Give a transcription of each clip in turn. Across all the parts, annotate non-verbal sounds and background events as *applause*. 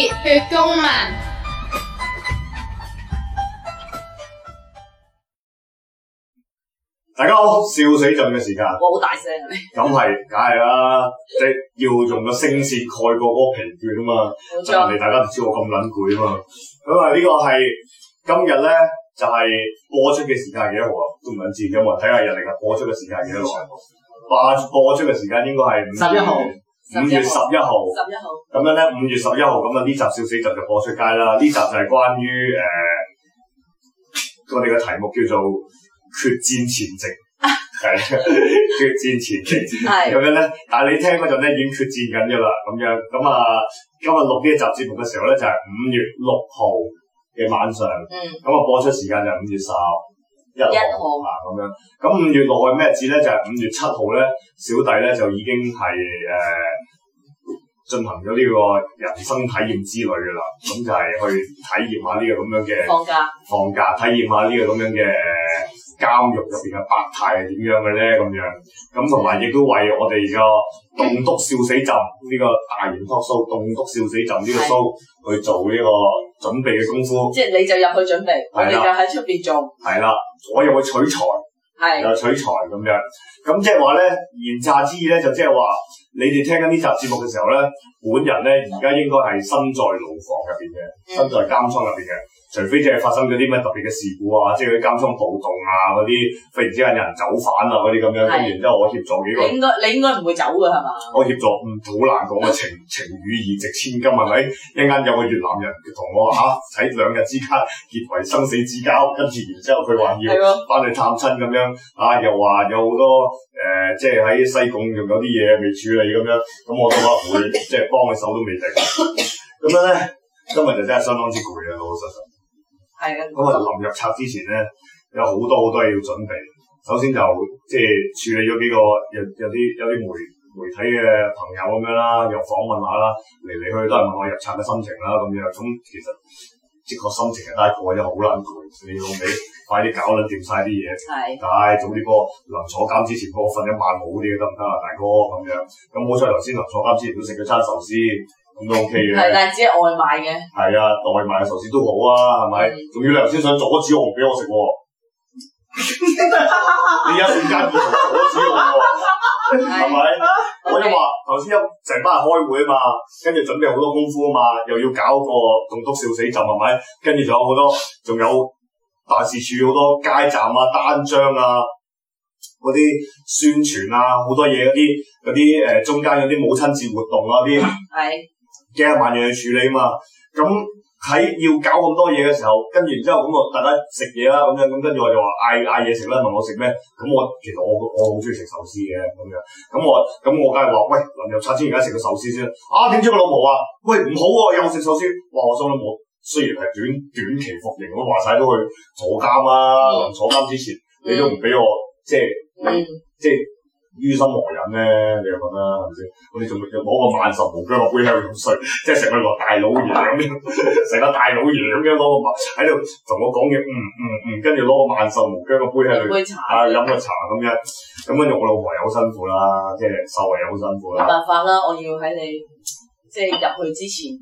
血中文，大家好，笑死朕嘅時間，我好大聲啊！咁係，梗係啦，即係、就是、要用個聲線蓋過嗰個疲倦啊嘛，錯就嚟大家唔知我咁撚攰啊嘛。咁啊，呢個係今日咧就係、是、播出嘅時間幾多號啊？都唔撚知，有冇人睇下日曆啊？播出嘅時間幾多號？播出嘅時間應該係五十一號。五月十一號，咁日樣咧，五月十一號咁啊呢集小四集就播出街啦。呢集就係關於誒、呃、我哋嘅題目叫做決戰前夕，係、啊、是 *laughs* 決戰前夕咁是的 樣咧。但係你聽嗰陣咧已經決戰緊噶啦，咁樣咁啊，今日錄呢一集節目嘅時候咧就係、是、五月六號嘅晚上，咁啊、嗯、播出時間就五月十。一號啊，咁行樣咁五月六係咩日子咧？就係、是、五月七號咧，小弟咧就已經係誒進行咗呢個人生體驗之旅噶啦，咁 *laughs* 就係去體驗下呢個咁樣嘅放假放假，體驗下呢個咁樣嘅。監獄入邊嘅百態係點樣嘅咧？咁樣咁同埋亦都為我哋個《棟篤笑死朕》呢、嗯、個大型 talk show《棟篤笑死朕》呢個 show 的去做呢個準備嘅功夫。即係你就入去準備，的我哋就喺出邊做。係啦，我又會取材，係又的取材咁樣。咁即係話咧，言茶之意咧，就即係話你哋聽緊呢集節目嘅時候咧，本人咧而家應該係身在牢房入邊嘅，的嗯、身在監倉入邊嘅。除非即係發生咗啲乜特別嘅事故啊，即係佢監倉暴動啊，嗰啲忽然之間有人走反啊，嗰啲咁樣，跟的然之後我協助幾個你應該，你應該你應該唔會走嘅係嘛？我協助，唔好難講啊！情 *laughs* 情與義值千金，係咪 *laughs* 一陣間有個越南人同我嚇喺兩日之間結為生死之交，跟住然之後佢話要翻去探親咁的樣，啊又話有好多誒、呃，即係喺西貢仲有啲嘢未處理咁樣，咁我都唔會即係幫佢手都未定，咁 *laughs* *laughs* 樣咧，今日就真係相當之攰啊！老老實實。係啊，咁啊臨入冊之前咧，嗯、有好多好多嘢要準備。首先就即係、就是、處理咗幾個有有啲有啲媒媒體嘅朋友咁樣啦，又訪問下啦，嚟嚟去去都係問我入冊嘅心情啦。咁樣咁其實即個心情係帶過，真係好撚攰，你老味 *laughs* 快啲搞啦，掂晒啲嘢。係，但早啲過臨坐監之前，我瞓一晚好啲得唔得啊，大哥咁樣。咁好彩頭先臨坐監之前都食咗餐壽司。都 OK 嘅，係但係只係外賣嘅，係啊，外賣嘅壽司都好啊，係咪？仲是要你頭先想阻止我俾、啊、 *laughs* *laughs* 我食喎，你一瞬間要阻止我喎，係咪？我都話頭先一成班人開會啊嘛，跟住準備好多功夫啊嘛，又要搞個棟篤笑死陣，係咪？跟住仲有好多，仲有辦事處好多街站啊、單張啊、嗰啲宣傳啊，好多嘢嗰啲嗰啲誒，中間有啲母親節活動啊啲，係是。驚萬嘢去處理啊嘛，咁喺要搞咁多嘢嘅時候，跟住然之後咁我大家食嘢啦，咁樣咁跟住我就話嗌嗌嘢食啦，問我食咩？咁我其實我我好中意食壽司嘅咁樣，咁我咁我梗係話喂，臨入差之前而家食個壽司先啦。啊，點知我老婆話喂唔好喎，啊，又食壽司。哇，我真係冇，雖然係短短期服刑，我話晒都去坐監啦，啊。臨、嗯、坐監之前，你都唔俾我即係、嗯嗯、即係。於心何忍咧？你又覺得係咪先？我哋仲要攞個萬壽無疆個杯喺度飲水，即係成個落大老爺咁樣，成個大老爺樣咁樣攞個茶喺度同我講嘅，嗯嗯嗯，跟住攞個萬壽無疆個杯喺度，杯茶？啊飲個茶咁樣，咁跟住我老婆又好辛苦啦，即係秀慧又好辛苦啦，冇辦法啦，我要喺你。即係入去之前，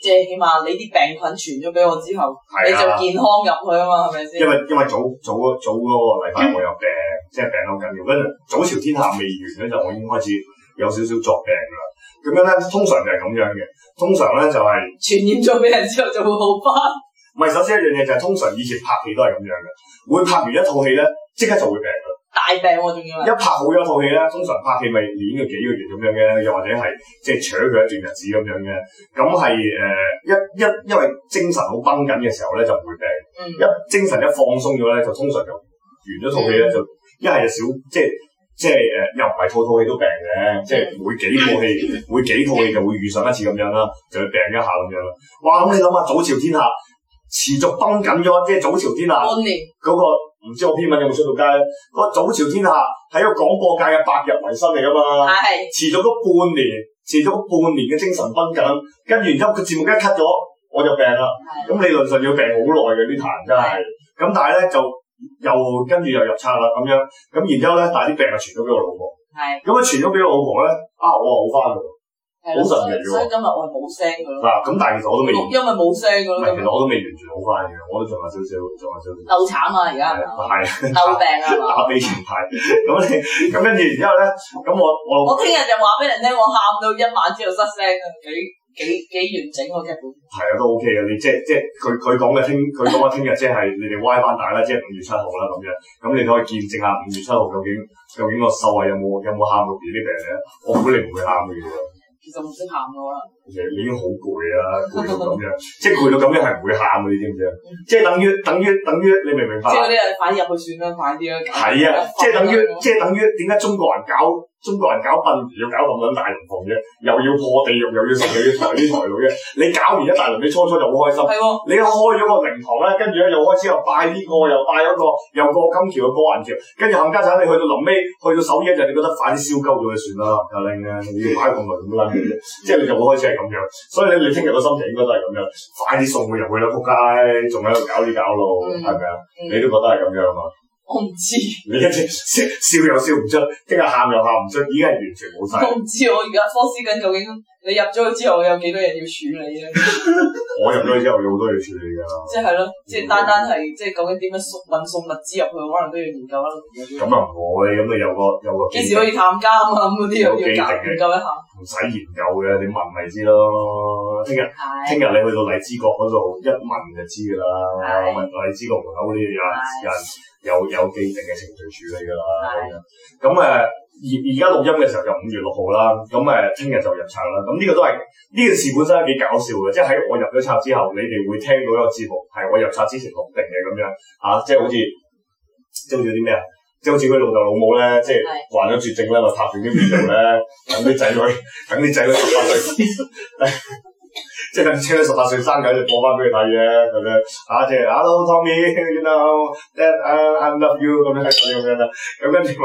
即係起碼你啲病菌傳咗俾我之後，啊、你就健康入去啊嘛，係咪先？因為因為早早嗰早嗰個禮拜我有病，嗯、即係病到緊要，跟住《早朝天下》未完咧， *laughs* 就我已經開始有少少作病㗎啦。咁樣咧，通常就係咁樣嘅，通常咧就係、是、傳染咗俾人之後就會好翻。唔係，首先一樣嘢就係、是、通常以前拍戲都係咁樣嘅，會拍完一套戲咧，即刻就會病。大病我、啊、仲要，一拍好咗一套戲咧，通常拍戲咪練佢幾個月咁樣嘅，又或者係即係搶佢一段日子咁樣嘅，咁係誒一一,一因為精神好繃緊嘅時候咧就唔會病，嗯、一精神一放鬆咗咧就通常就完咗套戲咧就一係就少即係即係誒又唔係套套戲都病嘅，即係、嗯、每幾套戲、嗯、每幾套戲就會遇上一次咁樣啦，就病一下咁樣啦。哇咁你諗下《早朝天下》持續繃緊咗，即係《早朝天下、那》嗰個。嗯唔知我篇文有冇出到街咧？個《早朝天下》係個廣播界嘅百日維新嚟噶嘛？係持咗半年，持咗半年嘅精神繃緊，跟住之後個節目一 cut 咗，我就病啦。咁是的 理論上要病好耐嘅呢壇真係。咁但係咧就又跟住又入叉啦咁樣。咁然之後咧，但係啲病啊傳咗俾我老婆。係咁是的 啊，傳咗俾我老婆咧，啊我啊好翻好神奇喎！所以今日我係冇聲嘅咯。嗱咁，但係其實我都未因為音，冇聲嘅咯。唔係，其實我都未完全好翻嘅，我都仲有少少，仲有少少。漏慘啊！而家係啊，漏病啊打俾前排咁，咁跟住然之後咧，咁我我我聽日就話俾人咧，我喊到一晚之後失聲嘅，幾幾幾完整個、啊、基本。係啊，都 OK 嘅。你即即佢佢講嘅聽，佢講話聽日即係你哋歪翻大啦，即係五 *laughs* 月七號啦咁樣。咁你可以見證下五月七號究竟究竟個秀慧有冇有冇喊到別啲病咧？我估你唔會喊嘅別其實唔使喊嘅啦，其實、嗯、你已經好攰啦，攰到咁樣， *laughs* 即係攰到咁樣係唔會喊嘅，你知唔知啊？即係等於等於等於，你明唔明白啊？即係你係快啲入去算啦，快啲啦，係啊，即係等於即係等於，點解中國人搞？中國人搞殯，要搞咁樣大龍鳳嘅，又要破地獄，又要成又要抬呢抬嘅， *laughs* 你搞完一大輪，你初初就好開心，係喎， *laughs* 你開咗個靈堂咧，跟住咧又開始又拜呢、這個，又拜咗個，又過金橋嘅過銀橋，跟住冚家鏟你去到臨尾，去到手嘅一日，你覺得快啲燒鳩咗佢算啦，家拎嘅，你要擺咁耐咁捻嘅即係你就開始係咁樣，所以你你聽日嘅心情應該都係咁樣，快啲送佢入去啦，仆街，仲喺度搞啲搞路，係咪啊？吧嗯、你都覺得係咁樣啊嘛？我唔知，你今次笑又笑唔出，即刻喊又喊唔出，已經係完全冇晒。我唔知我而家科思緊究竟。你入咗去之後有幾多嘢要處理啊？我入咗去之後有好多嘢處理噶，即係咯，即係單單係即係究竟點樣送運送物資入去，可能都要研究啦。咁啊唔會，咁啊有個有個，幾時可以探監啊？咁嗰啲要研究一下，唔使研究嘅，你問咪知咯。聽日聽日你去到荔枝角嗰度一問就知噶啦，問荔枝角門口嗰啲有人有人有有既定嘅程序處理噶啦。咁誒。而而家錄音嘅時候就五月六號啦，咁誒聽日就入冊啦，咁呢個都係呢件事本身係幾搞笑嘅，即係喺我入咗冊之後，你哋會聽到一個字幕係我入冊之前錄定嘅咁樣，吓，即係好似即好似啲咩啊，即好似佢老豆老母咧，即係患咗絕症咧，是就插住啲尿咧，等啲仔女，等啲仔女贖翻佢。 *laughs* *laughs* 即係啲車十八歲生仔，就播翻俾佢睇嘅咁樣。啊即係，Hello Tommy，you know Dad, I, I love you 咁樣咁樣咁樣。咁跟住咪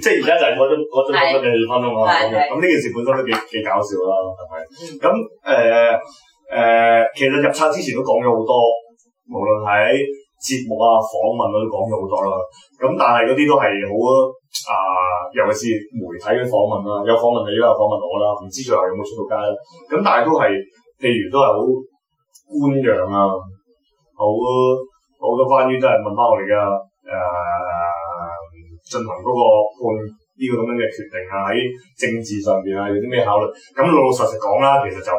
即係而家就係我都我都覺得幾氣氛啊嘛咁嘅。咁呢是是件事本身都幾幾是搞笑啦，係咪？咁誒誒，其實入冊之前都講咗好多，無論喺節目啊訪問我都講咗好多啦。咁但係嗰啲都係好啊，尤其是媒體嘅訪問啦，有訪問你都有訪問我啦，唔知最後有冇出到街。咁但係都係。譬如都係好官樣啊，好好多關於都係問翻我哋嘅誒，進行嗰個判呢個咁樣嘅決定啊，喺政治上邊啊有啲咩考慮？咁老老實實講啦，其實就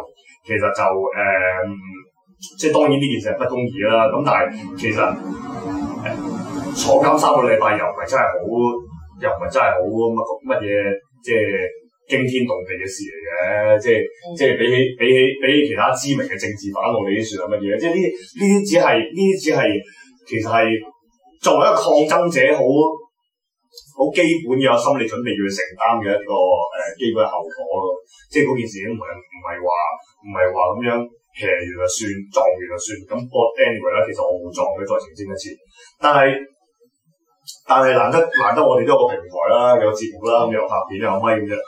其實就誒、啊，即係當然呢件事係不公義啦。咁但係其實、啊、坐監三個禮拜又唔係真係好，又唔係真係好乜乜嘢即係。驚天動地嘅事嚟嘅，即係即係比起比起比起其他知名嘅政治反動，你已經算係乜嘢即係呢呢啲只係呢啲只係其實係作為一個抗爭者，好好基本嘅心理準備要去承擔嘅一個誒、呃、基本嘅後果咯。即係嗰件事已經唔係唔係話唔係話咁樣，跌完就算，撞完就算咁。不過 anyway 啦，其實我會撞佢再澄清一次。但係但係難得難得，難得我哋都有個平台啦，有節目啦，咁又拍片又咪嘅啫。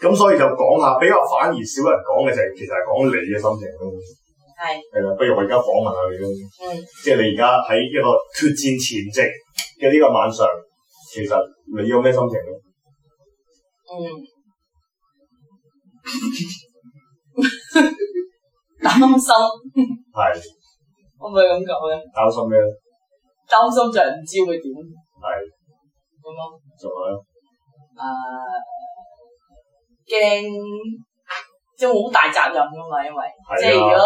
咁所以就講下比較反而少人講嘅就係，其實係講你嘅心情咯。係是，係啦，不如我而家訪問下你啦。嗯，即係你而家喺一個決戰前夕嘅呢個晚上，其實你有咩心情咧？嗯，擔 *laughs* 擔心。係。我咪咁講嘅。擔心咩？擔心就係唔知會點。係是。咁咯嗎。仲有。誒、uh。驚即係好大責任噶嘛，因為、啊、即係如果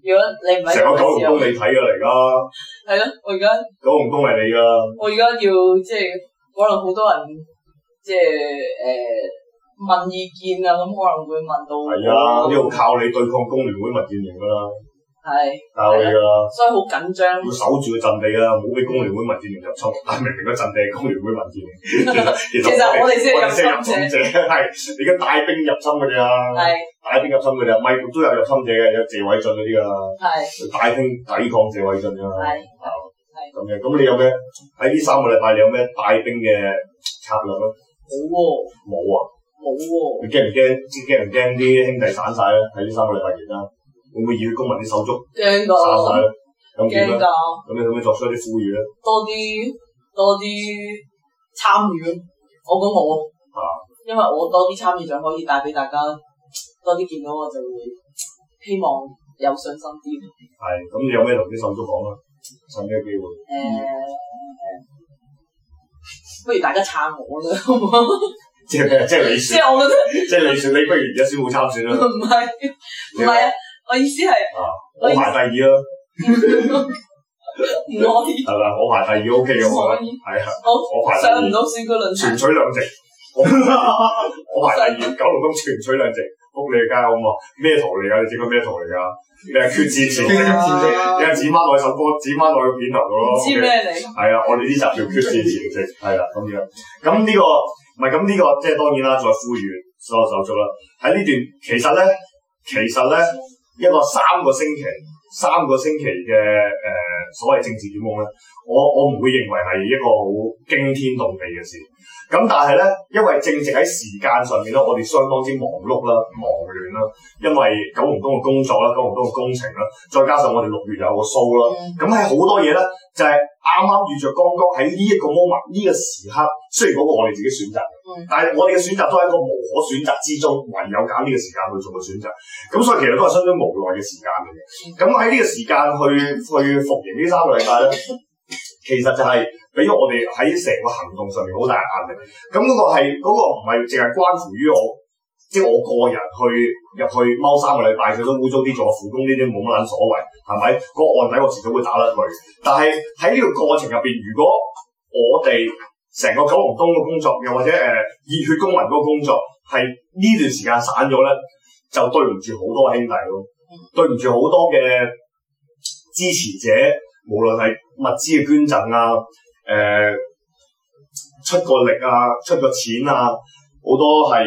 如果你唔係成個九龍東你睇噶嚟噶，係咯、啊，我而家九龍東係你噶，我而家要即係可能好多人即係誒、呃、問意見啊，咁可能會問到係啊，要靠你對抗工聯會民建聯陣營噶啦。係，所以好緊張，要守住個陣地啊，唔好俾工聯會文志明入侵。但係明明個陣地係工聯會文志明。其實我哋先入侵者，係而家帶兵入侵嘅咋，係帶兵入侵嘅咋，咪都有入侵者嘅，有謝偉俊嗰啲噶，係帶兵抵抗謝偉俊啊，係，係咁嘅。咁你有咩喺呢三個禮拜你有咩帶兵嘅策略咧？冇喎，冇啊，冇喎，你驚唔驚？驚唔驚啲兄弟散晒咧？喺呢三個禮拜而家。會唔會以公民啲手足驚咁驚噶，咁你可唔可以作出一啲呼籲咧？多啲多啲參與我講我，因為我多啲參與就可以帶俾大家多啲見到，我就會希望有信心啲。係，咁你有咩同啲手足講啊？趁咩機會？誒，不如大家撐我啦，好唔好？即係即係你即係我覺得，即係你選，你不如而家先冇參選啦。唔係，唔係啊。我意思係，我排第二咯，唔可以，係咪？我排第二 OK 嘅，係啊，我排第二 *laughs* 以，上唔到算嗰兩席，全取兩席，我排第二，九龍東全取兩席，恭你嘅街好唔好？咩圖嚟噶？你整個咩圖嚟噶？你係決戰前夕，你係剪翻我首歌，剪翻我個片頭嘅咯，知咩嚟 okay,？係啊，我哋呢集叫決戰前夕嘅啫，係啦咁樣。咁呢個唔係咁呢個，即係、 *laughs* 這個這個、當然啦，再呼籲所有手足啦。喺呢段其實咧，其實咧。其實呢，其實呢一個三個星期，三個星期嘅誒、呃、所謂政治冤案咧，我我唔會認為係一個好驚天動地嘅事。咁但係咧，因為正值喺時間上面咧，我哋相當之忙碌啦、忙亂啦，因為九龍東嘅工作啦、九龍東嘅工程啦，再加上我哋六月有個 show 啦，咁係好多嘢咧，就係、是。啱啱遇着剛剛喺呢一個 moment 呢個時刻，雖然嗰個我哋自己選擇，是但係我哋嘅選擇都係一個無可選擇之中，唯有揀呢個時間去做個選擇。咁所以其實都係相當無奈嘅時間嚟嘅。咁喺呢個時間去去服刑呢三個禮拜咧，其實就係俾咗我哋喺成個行動上面好大壓力。咁、那、嗰個係嗰、那個唔係淨係關乎於我。即係我個人去入去踎三個禮拜，佢都污糟啲，做下苦工呢啲冇乜撚所謂，係咪？個案底我遲早會打甩佢。但係喺呢個過程入邊，如果我哋成個九龍東嘅工作，又或者誒、呃、熱血公民嗰個工作，係呢段時間散咗咧，就對唔住好多兄弟咯，嗯、對唔住好多嘅支持者，無論係物資嘅捐贈啊，誒、呃、出個力啊，出個錢啊，好多係。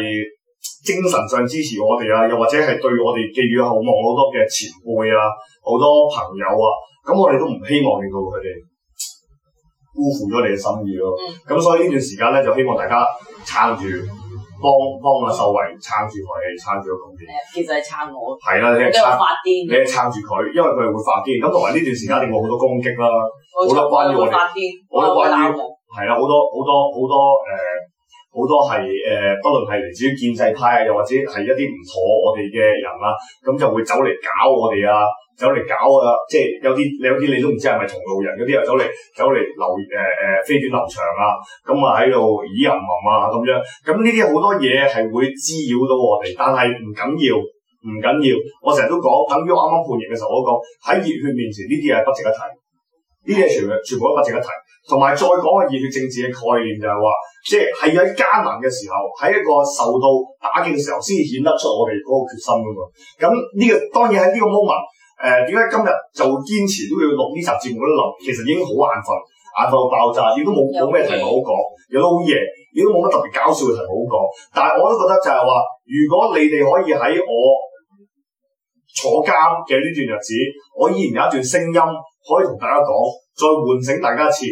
精神上支持我哋啊，又或者係對我哋寄予好望好多嘅前輩啊，好多朋友啊，咁我哋都唔希望令到佢哋辜負咗你嘅心意咯。咁所以呢段時間咧，就希望大家撐住，幫幫阿秀慧撐住佢，撐住咁嘅。其實係撐我。係啦，你係撐，你係撐住佢，因為佢係會發癲。咁同埋呢段時間令我好多攻擊啦，好多關於我哋，好多關於，係啊，好多好多好多誒。好多係誒、呃，不論係嚟自於建制派啊，又或者係一啲唔妥我哋嘅人啊，咁就會走嚟搞我哋啊，走嚟搞啊，即係有啲你有啲你都唔知係咪同路人嗰啲啊，走嚟走嚟流誒誒、呃、飛短流長啊，咁啊喺度以牙還牙咁樣，咁呢啲好多嘢係會滋擾到我哋，但係唔緊要，唔緊要，我成日都講，等於我啱啱判刑嘅時候我都講，喺熱血面前，呢啲係不值一提，呢啲全全部都不值一提。同埋再講個熱血政治嘅概念就係話，即係喺艱難嘅時候，喺一個受到打擊嘅時候，先顯得出我哋嗰個決心噶嘛。咁呢個當然喺呢個 moment，誒，點解今日就堅持都要錄呢集節目咧？其實已經好眼瞓，眼瞓到爆炸，亦都冇冇咩題目好講，亦都好夜，亦都冇乜特別搞笑嘅題目好講。但係我都覺得就係話，如果你哋可以喺我坐監嘅呢段日子，我依然有一段聲音可以同大家講，再喚醒大家一次。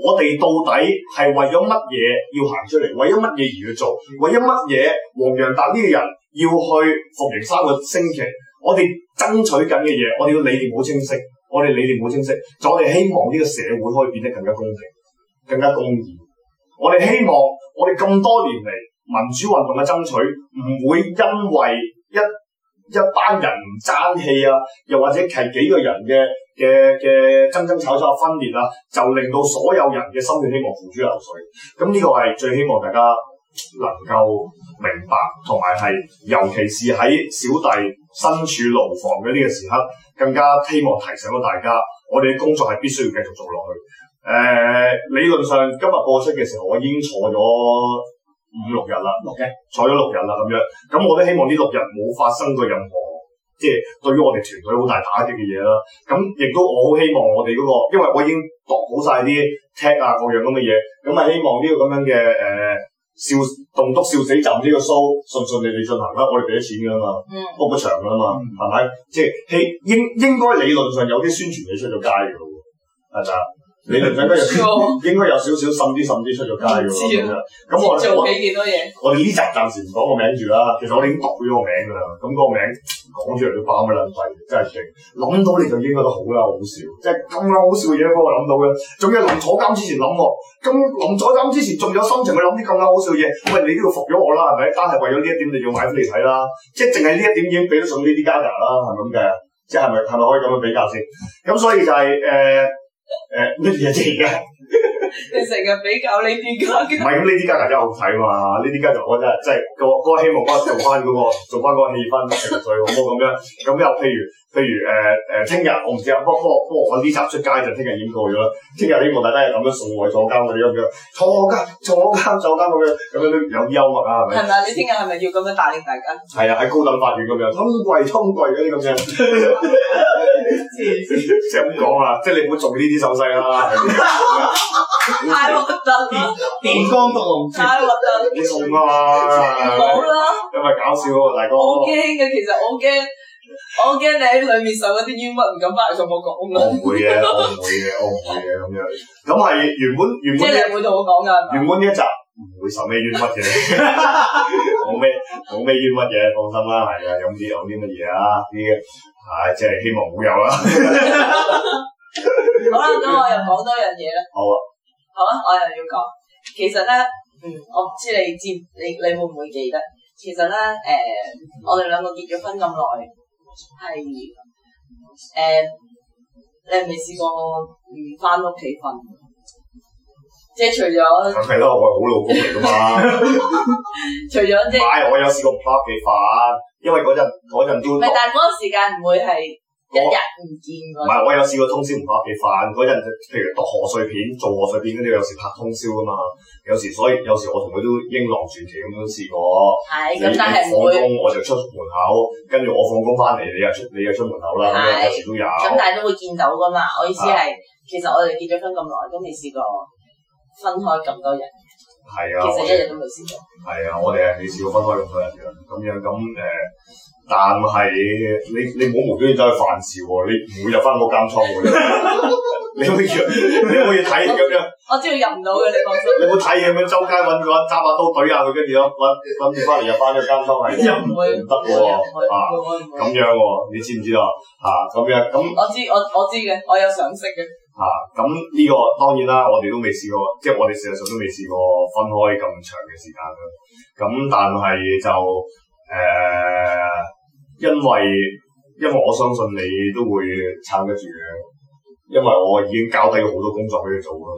我哋到底係為咗乜嘢要行出嚟？為咗乜嘢而去做？為咗乜嘢？黃洋達呢個人要去服刑三個星期。我哋爭取緊嘅嘢，我哋要理念好清晰。我哋理念好清晰，就我哋希望呢個社會可以變得更加公平、更加公義。我哋希望我哋咁多年嚟民主運動嘅爭取唔會因為一一班人唔爭氣啊，又或者係幾個人嘅嘅嘅爭爭吵吵分裂啊，就令到所有人嘅心血希望付諸流水。咁、嗯、呢、這個係最希望大家能夠明白，同埋係尤其是喺小弟身處牢房嘅呢個時刻，更加希望提醒到大家，我哋嘅工作係必須要繼續做落去。誒、呃，理論上今日播出嘅時候，我已經坐咗。五六日啦，OK，坐咗六日啦咁樣，咁我都希望呢六日冇發生過任何即係、就是、對於我哋團隊好大打擊嘅嘢啦。咁亦都我好希望我哋嗰、那個，因為我已經度好晒啲踢啊各樣咁嘅嘢，咁啊希望呢個咁樣嘅誒、呃、笑棟篤笑死站」呢個 show 順順利利進行啦。我哋俾咗錢噶嘛，book 個場噶嘛，係咪、嗯？即係、嗯就是、應應該理論上有啲宣傳嘢出咗街噶喎，係咪？你哋應該有少少，甚至甚至出咗街噶咯。咁我做起幾多嘢？我哋呢集暫時唔講個名住啦。其實我已經讀咗個名噶啦。咁、那個名講出嚟都爆鬼卵廢，真係勁。諗到你就應該都好啦，好笑。即係咁樣好笑嘅嘢，幫我諗到嘅。仲要臨坐監之前諗喎。咁臨坐監之前仲有心情去諗啲咁樣好笑嘅嘢。喂，你都要服咗我啦，係咪？單係為咗呢一點，你要買咗嚟睇啦。即係淨係呢一點已經俾得上呢啲加價啦，係咪咁計即係係咪？係咪可以咁樣比較先？咁所以就係、是、誒。呃誒，乜嘢嚟噶？ *laughs* 你成日比較呢啲家嘅、啊，唔係咁呢啲家家真係好睇嘛？呢啲家就、嗯嗯嗯呃、我真係即係嗰個個希望嗰個做翻嗰個做翻嗰個氣氛情緒好咁樣。咁又譬如譬如誒誒，聽日我唔知，我我我搵呢集出街就聽日演過咗啦。聽日希望大家係咁樣送外坐監嗰啲咁樣，坐監坐監坐監咁樣，咁樣都有啲幽默啊，係咪？係咪？你聽日係咪要咁樣帶領大家？係、嗯嗯、啊，喺高等法院咁樣通櫃通櫃嗰啲咁樣。即係咁講啊，即係你唔好做呢啲手。細啦，太核突啦！點光奪龍，太核突啦！唔講啦，因為搞笑喎，大哥。好驚嘅，其實我驚，我驚你喺裏面受嗰啲冤屈，唔敢翻嚟同我講。我唔會嘅，我唔會嘅，我唔會嘅咁樣。咁係原本原本你係會同我講噶。原本呢一集唔但 會受咩冤屈嘅，冇咩冇咩冤屈嘅，放心啦，係啊，有啲有啲乜嘢啊，啲唉，即係希望冇有啦。 *laughs* *laughs* 好啦，咁我又講多樣嘢啦。好啊了，好啊，我又要講。其實咧，嗯，我唔知你知，你你會唔會記得？其實咧，誒、呃，我哋兩個結咗婚咁耐，係誒、呃，你係未試過唔翻屋企瞓？即係除咗，係咯， *laughs* *laughs* 我係好老公嚟噶嘛。除咗即係，我有試過唔翻屋企瞓，因為嗰陣嗰陣都唔係，但係嗰個時間唔會係。我一日唔見過，唔係我有試過通宵唔返屋企嗰陣，譬如做賀歲片，做賀歲片嗰啲，有時拍通宵㗎嘛。有時所以有時我同佢都英朗傳奇咁樣試過。係的，咁你但係唔放工我就出門口，跟住我放工翻嚟，你又出你又出門口啦。咁的有時都有，咁但係都會見到噶嘛。我意思係，的其實我哋結咗婚咁耐都未試過分開咁多日。係啊的，其實一日都未試過。係啊，我哋係未試過分開咁多日嘅，咁樣咁誒。但係你你冇無端端走去犯事喎，哦，你唔會入翻個監倉喎，你可以你可以睇咁樣我我。我知道入唔到嘅，你放心。你冇睇嘢咩？周街揾佢揾揸把刀懟下佢，跟住攞揾揾翻嚟入翻個監倉係入唔得喎，啊咁樣喎，你知唔知道啊？啊咁樣咁我知我我知嘅，我有常識嘅。啊咁呢、這個當然啦，我哋都未試過，即、就、係、是、我哋事實上都未試過分開咁長嘅時間咁但係就誒。呃因為因為我相信你都會撐得住嘅，因為我已經交低咗好多工作俾你做啦，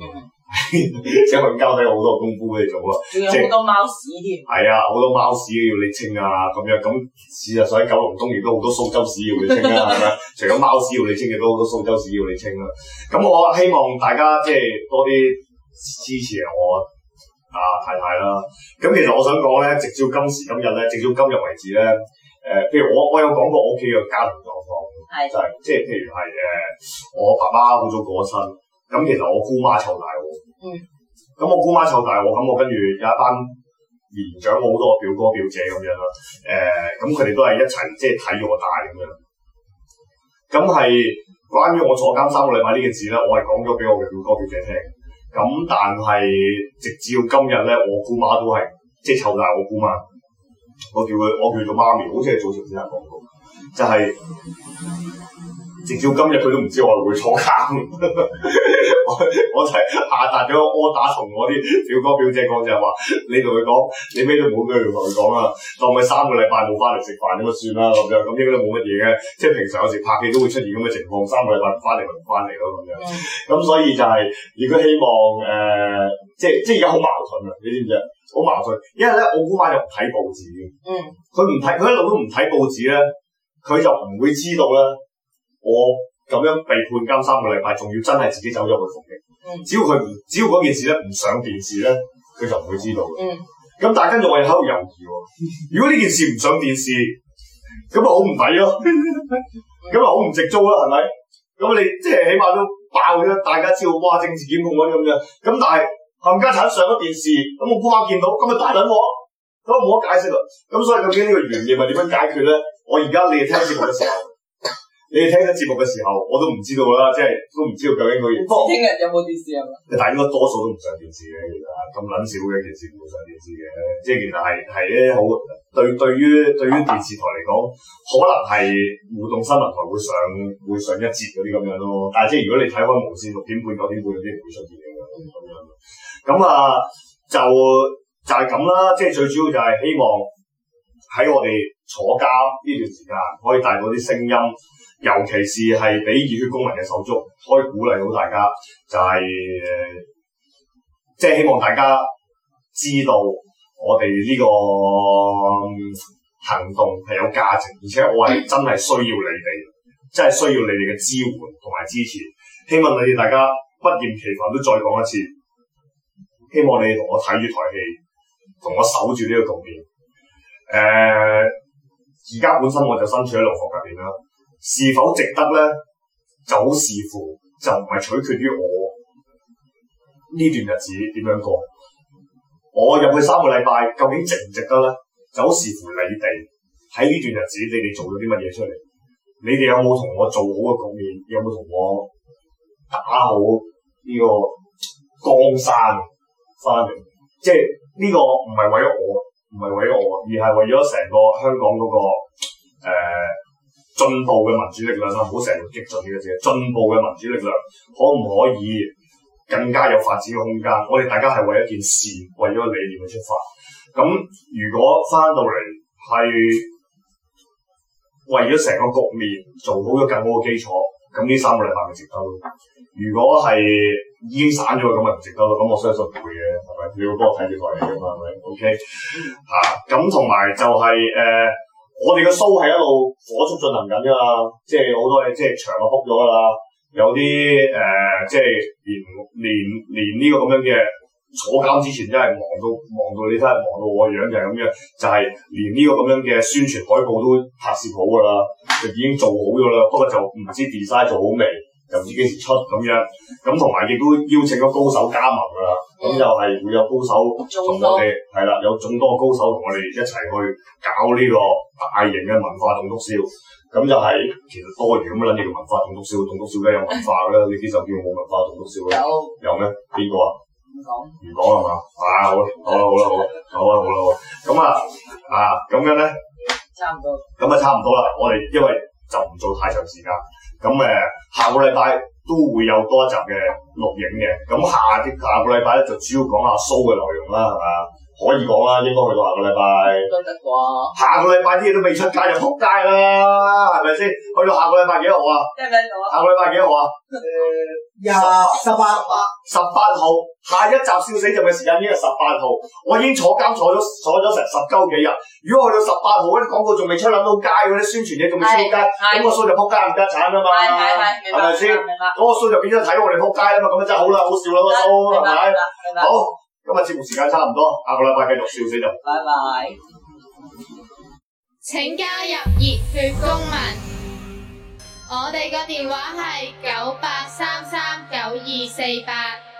即係交低好多功夫俾你做啦、就是，仲有好多貓屎添。係啊，好多貓屎要你清啊，咁樣咁事實上喺九龍東亦都好多蘇州屎要你清啦、啊，係咪？ *laughs* 除咗貓屎要你清，亦都好多蘇州屎要你清啦、啊。咁我希望大家即係多啲支持我啊太太啦。咁其實我想講咧，直至今時今日咧，直至今日為止咧。誒，譬如我我有講過我屋企嘅家庭狀況，係即係即係譬如係誒，我爸爸好早過身，咁其實我姑媽湊大我，嗯，咁我姑媽湊大我，咁我跟住有一班年長好多表哥表姐咁樣啦，誒，咁佢哋都係一齊即係睇住我大咁樣，咁係關於我坐監三個禮拜呢件事咧，我係講咗俾我嘅表哥表姐聽，咁但係直至到今日咧，我姑媽都係即係湊大我姑媽。我叫佢，我叫做媽咪，好似係早晨先喺度講，就係、是。直至今日佢都唔知我會坐監的， *laughs* 我我真係下達咗 order 打同我啲表哥表姐講就話：你同佢講，你咩都冇，都要同佢講啦。當佢三個禮拜冇翻嚟食飯咁就算啦，咁樣咁應該都冇乜嘢嘅，即係平常有時拍戲都會出現咁嘅情況，三個禮拜唔翻嚟咪唔翻嚟咯咁樣。咁的所以就係、是、如果希望誒、呃，即係即係而家好矛盾啊！你知唔知啊？好矛盾，因為咧我姑媽就唔睇報紙嘅，的嗯，佢唔睇，佢一路都唔睇報紙咧，佢就唔會知道咧。我咁樣被判監三個禮拜，仲要真係自己走咗去服刑，嗯。只要佢唔，只要嗰件事咧唔上電視咧，佢就唔會知道嘅。咁大家又又喺度猶豫。如果呢件事唔上電視，咁啊好唔抵咯，咁啊好唔值 *laughs* 租啦，係咪？咁你即係起碼都爆咗，大家知道哇，政治檢控嗰啲咁樣。咁但係冚家鏟上咗電視，咁我姑媽見到，咁咪打卵我，咁我冇得解釋啦。咁所以究竟呢個懸疑係點樣解決咧？我而家你哋聽節目嘅時候。你聽緊節目嘅時候，我都唔知道啦，即係都唔知道究竟嗰嘢。聽日有冇電視啊？但應該多數都唔上電視嘅，其實咁撚少嘅，唔會上電視嘅，即係其實係係咧好對。對於對於電視台嚟講，可能係互動新聞台會上會上一節嗰啲咁樣咯。但係即係如果你睇開無線六點半、九點半嗰啲，唔會上電視嘅咁樣。咁啊，就就係咁啦。即係最主要就係希望喺我哋坐監呢段時間，可以帶到啲聲音。尤其是係俾熱血公民嘅手足，可以鼓勵到大家，就係即係希望大家知道我哋呢個行動係有價值，而且我係真係需要你哋，真係需要你哋嘅支援同埋支持。希望你哋大家不厭其煩都再講一次，希望你同我睇住台戲，同我守住呢個局面。誒、呃，而家本身我就身處喺牢房入邊啦。是否值得咧，就好視乎，就唔係取決於我呢段日子點樣過。我入去三個禮拜，究竟值唔值得咧，就好視乎你哋喺呢段日子你哋做咗啲乜嘢出嚟。你哋有冇同我做好嘅局面？有冇同我打好呢個江山翻嚟？即係呢個唔係為咗我，唔係為咗我，而係為咗成個香港嗰個。進步嘅民主力量啦，唔好成日激進呢個字。進步嘅民主力量可唔可以更加有發展嘅空間？我哋大家係為一件事、為咗理念去出發。咁如果翻到嚟係為咗成個局面做好咗更好嘅基礎，咁呢三個禮拜咪值得咯。如果係已經散咗，咁咪唔值得咯。咁我相信唔會嘅，係咪？你要幫我睇住台嘅嘛，係咪？OK，嚇咁同埋就係、是、誒。呃我哋嘅 show 係一路火速進行緊㗎嘛，即係好多嘢，即係場都 book 咗㗎啦。有啲誒、呃，即係連連連呢個咁樣嘅坐監之前，真係忙到忙到你睇，忙到我樣就係咁樣，就係、是、連呢個咁樣嘅宣傳海報都拍攝好㗎啦，就已經做好咗啦。不過就唔知 design 做好未，就唔知幾時出咁樣。咁同埋亦都邀請咗高手加盟㗎啦，咁又係會有高手同我哋係啦，有眾多高手同我哋一齊去搞呢、這個。大型嘅文化棟篤笑，咁就係其實多餘咁樣撚住個文化棟篤笑，棟篤笑梗有文化啦，呢啲就叫冇文化棟篤笑啦。有有咩？邊個啊？唔講唔講係嘛？啊好啦好啦好啦好啦好啦好啦，咁啊啊咁樣咧，差唔多咁啊差唔多啦。我哋因為就唔做太長時間，咁誒、啊、下個禮拜都會有多一集嘅錄影嘅，咁下啲下個禮拜就主要講下蘇嘅內容啦，係嘛？可以講啦，應該去到下個禮拜都得。下個禮拜啲嘢,都未出街就扑街啦，係咪先？去到下個禮拜幾號啊？聽聽到啊？下個禮拜幾號啊？誒、嗯，廿十，十八號。十八號，下一集笑死就咪時間呢？係十八號。我已經坐監坐咗坐咗成十周幾日。如果去到十八號嗰啲廣告仲未出，諗到街嗰啲宣傳嘢仲未出街，咁的個數就扑街唔得產啊嘛。係咪先？咁個數就變咗睇我哋扑街啊嘛。咁啊真好啦，好笑啦個數係咪？白好。白今日節目時間差唔多，下個禮拜繼續笑死就，拜拜 bye。請加入熱血公民，我哋嘅電話係九八三三九二四八。